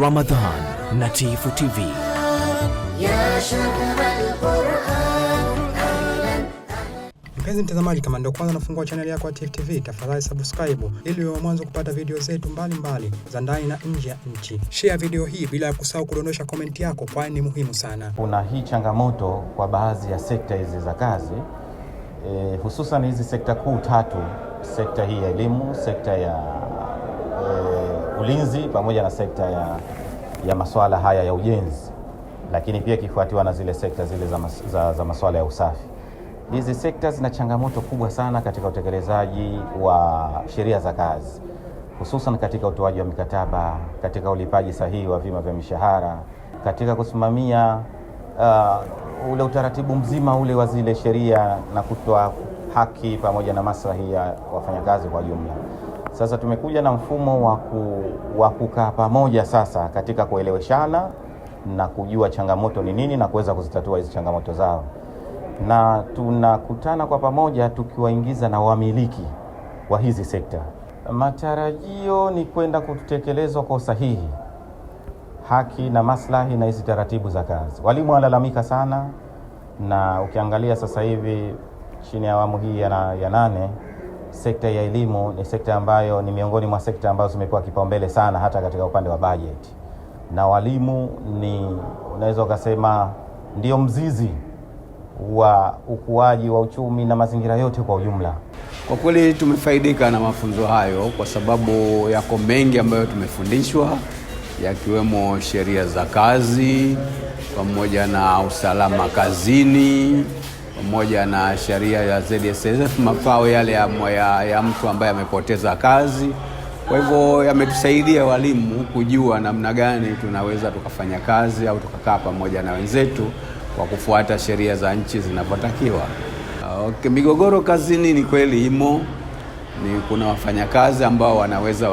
ramadan na Tifu TV. Mpenzi mtazamaji, kama ndio kwanza nafungua chaneli yako ya Tifu TV, tafadhali subscribe ili uwe mwanzo kupata video zetu mbalimbali za ndani na nje ya nchi. Share video hii bila ya kusahau kudondosha komenti yako, kwani ni muhimu sana. Kuna hii changamoto kwa baadhi ya sekta hizi za kazi e, hususan hizi sekta kuu tatu, sekta hii ya elimu, sekta ya e, ulinzi pamoja na sekta ya, ya masuala haya ya ujenzi, lakini pia ikifuatiwa na zile sekta zile za, mas, za, za masuala ya usafi. Hizi sekta zina changamoto kubwa sana katika utekelezaji wa sheria za kazi, hususan katika utoaji wa mikataba, katika ulipaji sahihi wa vima vya mishahara, katika kusimamia uh, ule utaratibu mzima ule wa zile sheria na kutoa haki pamoja na maslahi ya wafanyakazi kwa jumla. Sasa tumekuja na mfumo wa waku, kukaa pamoja sasa katika kueleweshana na kujua changamoto ni nini na kuweza kuzitatua hizi changamoto zao, na tunakutana kwa pamoja tukiwaingiza na wamiliki wa hizi sekta. Matarajio ni kwenda kutekelezwa kwa usahihi haki na maslahi na hizi taratibu za kazi. Walimu wanalalamika sana, na ukiangalia sasa hivi chini ya awamu hii ya nane sekta ya elimu ni sekta ambayo ni miongoni mwa sekta ambazo zimekuwa kipaumbele sana hata katika upande wa bajeti, na walimu ni unaweza ukasema ndio mzizi wa ukuaji wa uchumi na mazingira yote kwa ujumla. Kwa kweli tumefaidika na mafunzo hayo, kwa sababu yako mengi ambayo tumefundishwa yakiwemo sheria za kazi pamoja na usalama kazini pamoja na sheria ya ZSS mafao yale ya, ya, ya mtu ambaye amepoteza kazi. Kwa hivyo yametusaidia walimu kujua namna gani tunaweza tukafanya kazi au tukakaa pamoja na wenzetu kwa kufuata sheria za nchi zinavyotakiwa. Okay, migogoro kazini ni kweli imo ni kuna wafanyakazi ambao wanaweza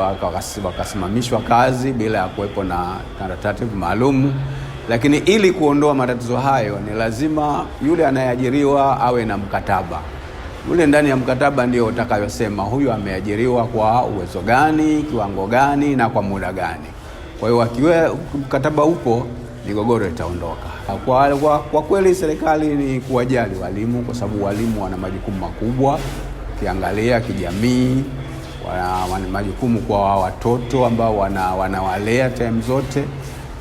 wakasimamishwa kazi bila ya kuwepo na taratibu maalumu. Lakini ili kuondoa matatizo hayo ni lazima yule anayeajiriwa awe na mkataba. Yule ndani ya mkataba ndio utakayosema huyu ameajiriwa kwa uwezo gani, kiwango gani na kwa muda gani. Kwa hiyo akiwa mkataba upo migogoro itaondoka. Kwa, kwa, kwa kweli serikali ni kuwajali walimu kwa sababu walimu wana majukumu makubwa ukiangalia kijamii, wana majukumu kwa watoto ambao wanawalea wana time zote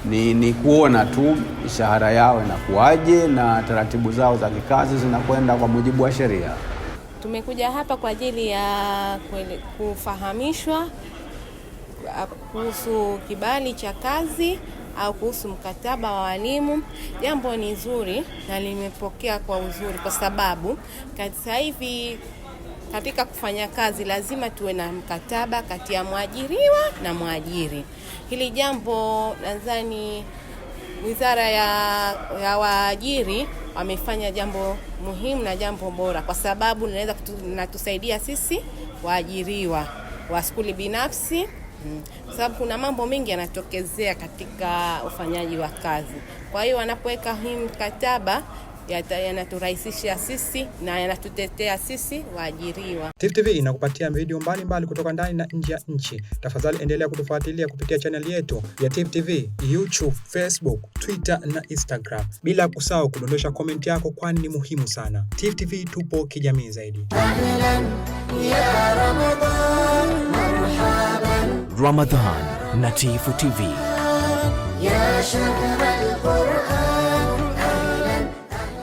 ni, ni kuona tu mishahara yao inakuwaje na taratibu zao za kikazi zinakwenda kwa mujibu wa sheria. Tumekuja hapa kwa ajili ya kufahamishwa ah, kuhusu kibali cha kazi au kuhusu mkataba wa walimu. Jambo ni zuri na limepokea kwa uzuri, kwa sababu sasa hivi katika kufanya kazi lazima tuwe na mkataba kati ya mwajiriwa na mwajiri. Hili jambo nadhani wizara ya, ya waajiri wamefanya jambo muhimu na jambo bora, kwa sababu linaweza natusaidia sisi waajiriwa wa skuli binafsi mm. kwa sababu kuna mambo mengi yanatokezea katika ufanyaji wa kazi. Kwa hiyo wanapoweka hii mkataba yanaturahisishia sisi na yanatutetea sisi waajiriwa. Tifu TV inakupatia video mbalimbali mbali kutoka ndani na nje ya nchi. Tafadhali endelea kutufuatilia kupitia chaneli yetu ya Tifu TV, YouTube, Facebook, Twitter na Instagram, bila kusahau kudondosha komenti yako, kwani ni muhimu sana. Tifu TV tupo kijamii zaidi. Ramadhan na Tifu TV.